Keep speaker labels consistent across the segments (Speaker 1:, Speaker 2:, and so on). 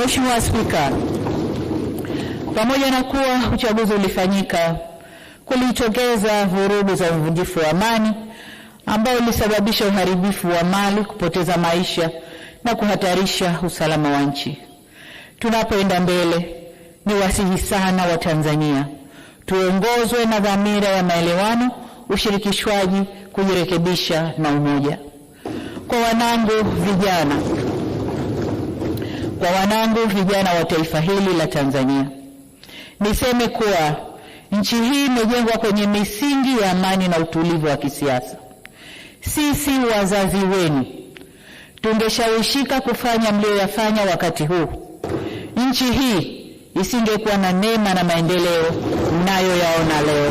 Speaker 1: Mheshimiwa Spika, pamoja na kuwa uchaguzi ulifanyika, kulitokeza vurugu za uvunjifu wa amani ambao ulisababisha uharibifu wa mali, kupoteza maisha na kuhatarisha usalama wa nchi. Tunapoenda mbele, ni wasihi sana wa Tanzania tuongozwe na dhamira ya maelewano, ushirikishwaji, kujirekebisha na umoja. Kwa wanangu vijana kwa wanangu vijana wa taifa hili la Tanzania. Niseme kuwa nchi hii imejengwa kwenye misingi ya amani na utulivu wa kisiasa. Sisi wazazi wenu tungeshawishika kufanya mliyoyafanya wakati huu, nchi hii isingekuwa na neema na maendeleo mnayoyaona leo.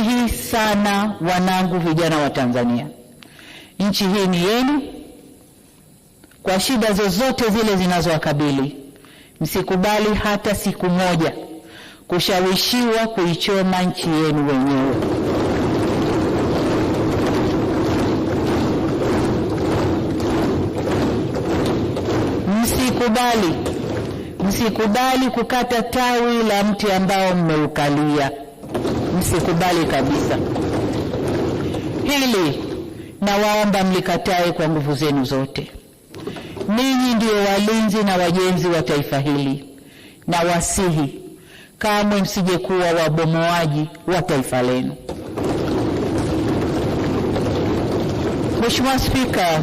Speaker 1: sana wanangu vijana wa Tanzania, nchi hii ni yenu. Kwa shida zozote zile zinazowakabili, msikubali hata siku moja kushawishiwa kuichoma nchi yenu wenyewe. Msikubali, msikubali kukata tawi la mti ambao mmeukalia msikubali kabisa hili, na waomba mlikatae kwa nguvu zenu zote. Ninyi ndio walinzi na wajenzi wa taifa hili, na wasihi kamwe msijekuwa wabomoaji wa taifa lenu. Mheshimiwa Spika,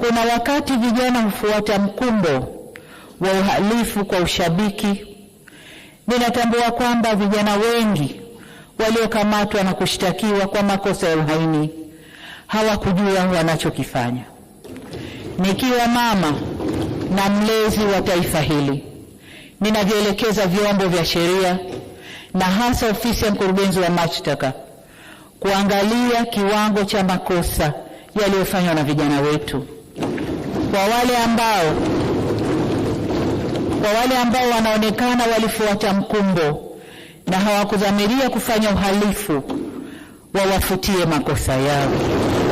Speaker 1: kuna wakati vijana hufuata mkumbo wa uhalifu kwa ushabiki. Ninatambua kwamba vijana wengi waliokamatwa na kushtakiwa kwa makosa ya uhaini hawakujua wanachokifanya. Nikiwa mama na mlezi wa taifa hili, ninavyoelekeza vyombo vya sheria na hasa ofisi ya mkurugenzi wa mashtaka kuangalia kiwango cha makosa yaliyofanywa na vijana wetu. Kwa wale ambao, kwa wale ambao wanaonekana walifuata mkumbo na hawakudhamiria kufanya uhalifu, wawafutie makosa yao.